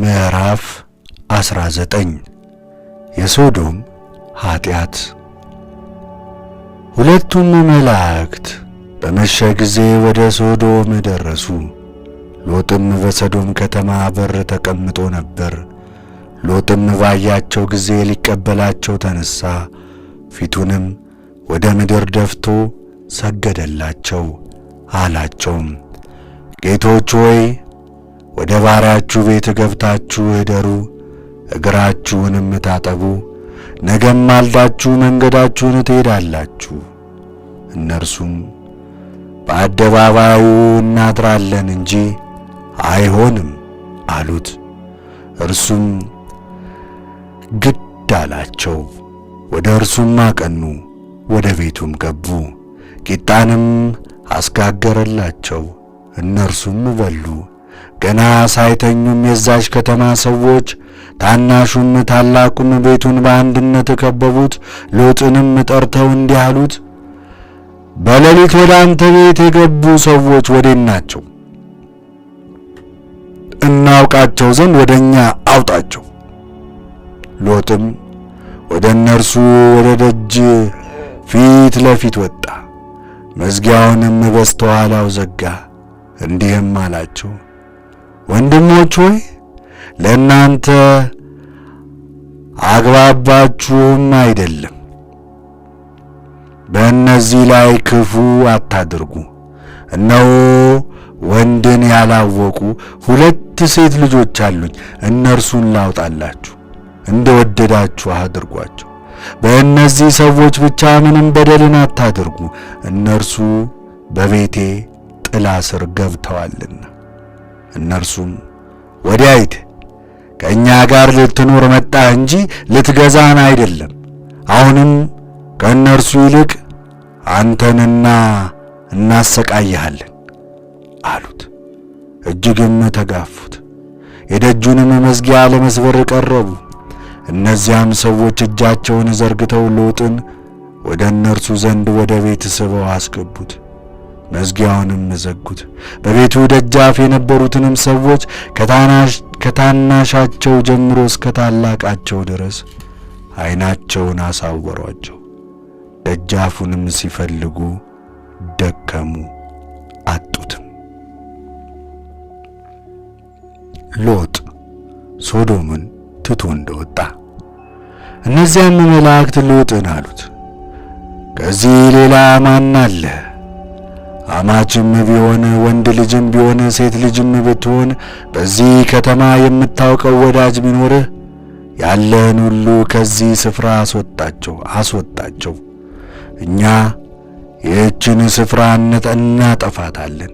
ምዕራፍ 19 የሶዶም ኃጢአት። ሁለቱም መላእክት በመሸ ጊዜ ወደ ሶዶም ደረሱ። ሎጥም በሰዶም ከተማ በር ተቀምጦ ነበር። ሎጥም ባያቸው ጊዜ ሊቀበላቸው ተነሣ፣ ፊቱንም ወደ ምድር ደፍቶ ሰገደላቸው። አላቸውም ጌቶች ሆይ ወደ ባሪያችሁ ቤት ገብታችሁ እደሩ፣ እግራችሁንም ታጠቡ፣ ነገም ማልዳችሁ መንገዳችሁን ትሄዳላችሁ። እነርሱም በአደባባዩ እናድራለን እንጂ አይሆንም አሉት። እርሱም ግድ አላቸው። ወደ እርሱም አቀኑ፣ ወደ ቤቱም ገቡ። ቂጣንም አስጋገረላቸው፣ እነርሱም በሉ። ገና ሳይተኙም የዛች ከተማ ሰዎች ታናሹም ታላቁም ቤቱን በአንድነት ከበቡት። ሎጥንም ጠርተው እንዲህ አሉት፣ በሌሊት ወደ አንተ ቤት የገቡ ሰዎች ወዴት ናቸው? እናውቃቸው ዘንድ ወደ እኛ አውጣቸው። ሎጥም ወደ እነርሱ ወደ ደጅ ፊት ለፊት ወጣ፣ መዝጊያውንም በስተኋላው ዘጋ፣ እንዲህም አላቸው ወንድሞች ሆይ ለእናንተ አግባባችሁም አይደለም። በእነዚህ ላይ ክፉ አታድርጉ። እነሆ ወንድን ያላወቁ ሁለት ሴት ልጆች አሉኝ። እነርሱን ላውጣላችሁ፣ እንደወደዳችሁ አድርጓቸው። በእነዚህ ሰዎች ብቻ ምንም በደልን አታድርጉ፣ እነርሱ በቤቴ ጥላ ስር ገብተዋልና። እነርሱም ወዲያይት ከእኛ ጋር ልትኖር መጣ እንጂ ልትገዛን አይደለም። አሁንም ከእነርሱ ይልቅ አንተንና እናሰቃይሃለን አሉት። እጅግም ተጋፉት። የደጁንም መዝጊያ ለመስበር ቀረቡ። እነዚያም ሰዎች እጃቸውን ዘርግተው ሎጥን ወደ እነርሱ ዘንድ ወደ ቤት ስበው አስገቡት። መዝጊያውንም መዘጉት። በቤቱ ደጃፍ የነበሩትንም ሰዎች ከታናሻቸው ጀምሮ እስከ ታላቃቸው ድረስ ዓይናቸውን አሳወሯቸው። ደጃፉንም ሲፈልጉ ደከሙ፣ አጡትም። ሎጥ ሶዶምን ትቶ እንደወጣ እነዚያም መላእክት ሎጥን አሉት፣ ከዚህ ሌላ ማን አለ? አማችም ቢሆን ወንድ ልጅም ቢሆን ሴት ልጅም ብትሆን በዚህ ከተማ የምታውቀው ወዳጅ ቢኖርህ ያለህን ሁሉ ከዚህ ስፍራ አስወጣቸው አስወጣቸው። እኛ ይህችን ስፍራ እናጠፋታለን፣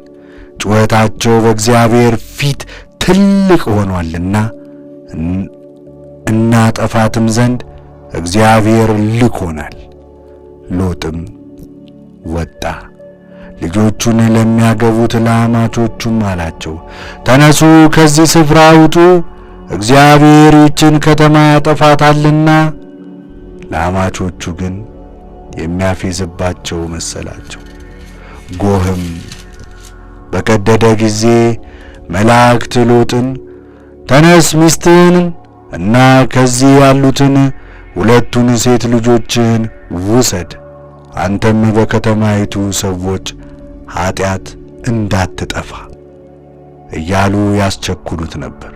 ጩኸታቸው በእግዚአብሔር ፊት ትልቅ ሆኗልና እናጠፋትም ዘንድ እግዚአብሔር ልኮናል። ሎጥም ወጣ። ልጆቹን ለሚያገቡት ለአማቾቹም አላቸው፣ ተነሱ ከዚህ ስፍራ ውጡ እግዚአብሔር ይችን ከተማ ያጠፋታልና። ለአማቾቹ ግን የሚያፌዝባቸው መሰላቸው። ጎህም በቀደደ ጊዜ መላእክት ሎጥን ተነስ፣ ሚስትህን እና ከዚህ ያሉትን ሁለቱን ሴት ልጆችህን ውሰድ፣ አንተም በከተማይቱ ሰዎች ኀጢአት እንዳትጠፋ እያሉ ያስቸኩሉት ነበር።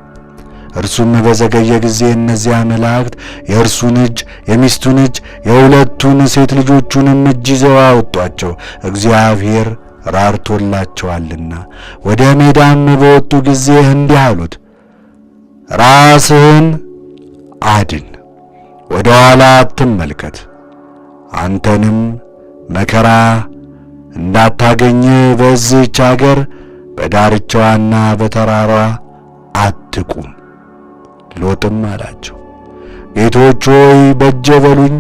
እርሱም በዘገየ ጊዜ እነዚያ መላእክት የእርሱን እጅ፣ የሚስቱን እጅ፣ የሁለቱን ሴት ልጆቹንም እጅ ይዘው አወጧቸው፣ እግዚአብሔር ራርቶላቸዋልና። ወደ ሜዳም በወጡ ጊዜ እንዲህ አሉት፣ ራስህን አድን፣ ወደ ኋላ አትመልከት፣ አንተንም መከራ እንዳታገኘ በዚህች አገር በዳርቻዋና በተራራ አትቁም። ሎጥም አላቸው፣ ጌቶች ሆይ በጀ በሉኝ፣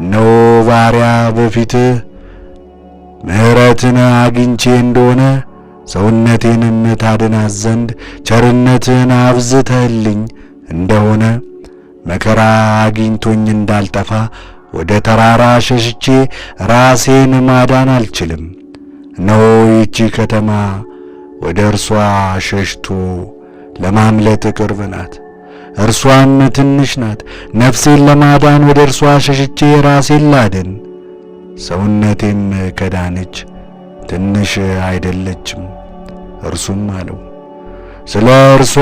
እነሆ ባሪያ በፊትህ ምሕረትን አግኝቼ እንደሆነ ሰውነቴንም ታድናት ዘንድ ቸርነትን አብዝተህልኝ እንደሆነ መከራ አግኝቶኝ እንዳልጠፋ ወደ ተራራ ሸሽቼ ራሴን ማዳን አልችልም። እነሆ ይቺ ከተማ ወደ እርሷ ሸሽቶ ለማምለጥ ቅርብ ናት። እርሷም ትንሽ ናት። ነፍሴን ለማዳን ወደ እርሷ ሸሽቼ ራሴን ላድን። ሰውነቴም ከዳነች ትንሽ አይደለችም። እርሱም አለው ስለ እርሷ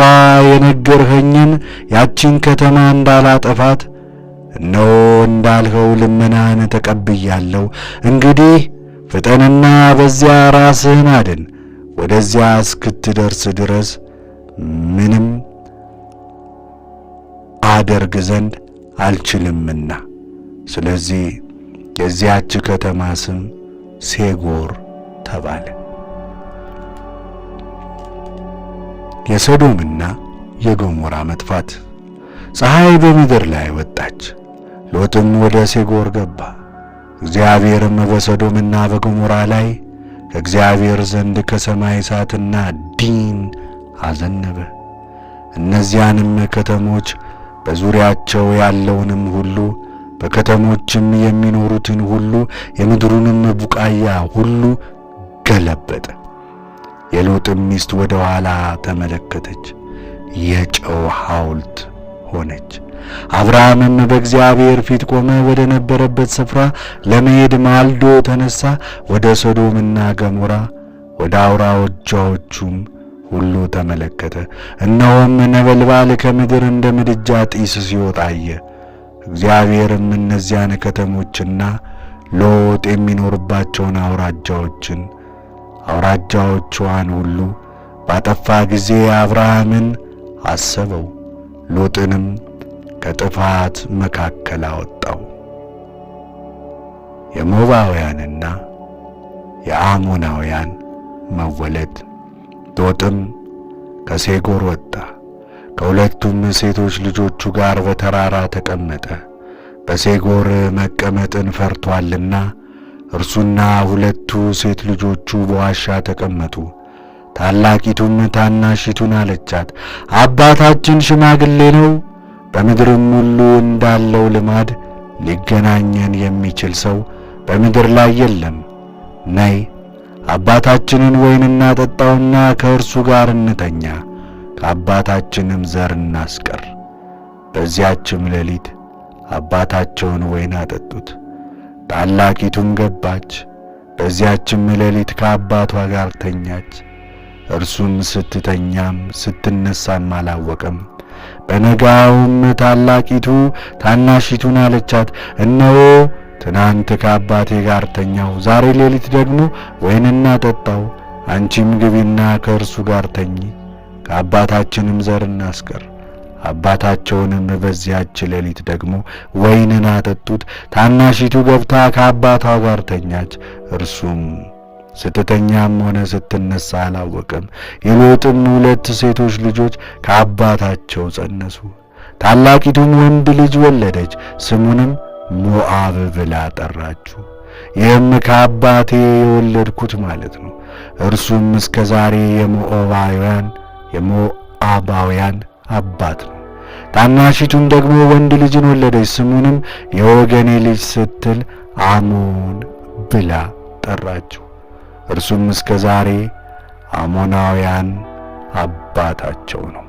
የነገርኸኝን ያቺን ከተማ እንዳላጠፋት እነሆ እንዳልኸው ልመናህን ተቀብያለሁ። እንግዲህ ፍጠንና በዚያ ራስህን አድን። ወደዚያ እስክትደርስ ድረስ ምንም አደርግ ዘንድ አልችልምና። ስለዚህ የዚያች ከተማ ስም ሴጎር ተባለ። የሰዶምና የገሞራ መጥፋት። ፀሐይ በምድር ላይ ወጣች። ሎጥም ወደ ሴጎር ገባ። እግዚአብሔርም በሰዶምና በገሞራ ላይ ከእግዚአብሔር ዘንድ ከሰማይ እሳትና ዲን አዘነበ። እነዚያንም ከተሞች በዙሪያቸው ያለውንም ሁሉ በከተሞችም የሚኖሩትን ሁሉ የምድሩንም ቡቃያ ሁሉ ገለበጠ። የሎጥም ሚስት ወደ ኋላ ተመለከተች፣ የጨው ሐውልት ሆነች። አብርሃምም በእግዚአብሔር ፊት ቆመ፣ ወደ ነበረበት ስፍራ ለመሄድ ማልዶ ተነሳ። ወደ ሶዶምና ገሞራ ወደ አውራጃዎቹም ሁሉ ተመለከተ። እነሆም ነበልባል ከምድር እንደ ምድጃ ጢስ ሲወጣ አየ። እግዚአብሔርም እነዚያን ከተሞችና ሎጥ የሚኖርባቸውን አውራጃዎችን አውራጃዎቿን ሁሉ ባጠፋ ጊዜ አብርሃምን አሰበው ሎጥንም ከጥፋት መካከል አወጣው። የሞባውያንና የአሞናውያን መወለድ ሎጥም ከሴጎር ወጣ፣ ከሁለቱም ሴቶች ልጆቹ ጋር በተራራ ተቀመጠ። በሴጎር መቀመጥን ፈርቷልና እርሱና ሁለቱ ሴት ልጆቹ በዋሻ ተቀመጡ። ታላቂቱም ታናሺቱን አለቻት፣ አባታችን ሽማግሌ ነው በምድርም ሁሉ እንዳለው ልማድ ሊገናኘን የሚችል ሰው በምድር ላይ የለም። ነይ አባታችንን ወይን እናጠጣውና ከእርሱ ጋር እንተኛ፣ ከአባታችንም ዘር እናስቀር። በዚያችም ሌሊት አባታቸውን ወይን አጠጡት። ታላቂቱም ገባች፣ በዚያችም ሌሊት ከአባቷ ጋር ተኛች። እርሱም ስትተኛም ስትነሳም አላወቀም። በነጋውም ታላቂቱ ታናሺቱን አለቻት፣ እነሆ ትናንት ከአባቴ ጋር ተኛው ዛሬ ሌሊት ደግሞ ወይንና ጠጣው። አንቺም ግቢና ከእርሱ ጋር ተኚ፣ ከአባታችንም ዘር እናስቀር። አባታቸውንም በዚያች ሌሊት ደግሞ ወይንን አጠጡት። ታናሺቱ ገብታ ከአባቷ ጋር ተኛች፣ እርሱም ስትተኛም ሆነ ስትነሳ አላወቅም። የሎጥም ሁለት ሴቶች ልጆች ከአባታቸው ጸነሱ። ታላቂቱም ወንድ ልጅ ወለደች፣ ስሙንም ሞአብ ብላ ጠራችው። ይህም ከአባቴ የወለድኩት ማለት ነው። እርሱም እስከ ዛሬ የሞዓባውያን የሞአባውያን አባት ነው። ታናሺቱም ደግሞ ወንድ ልጅን ወለደች፣ ስሙንም የወገኔ ልጅ ስትል አሞን ብላ ጠራችው። እርሱም እስከ ዛሬ አሞናውያን አባታቸው ነው።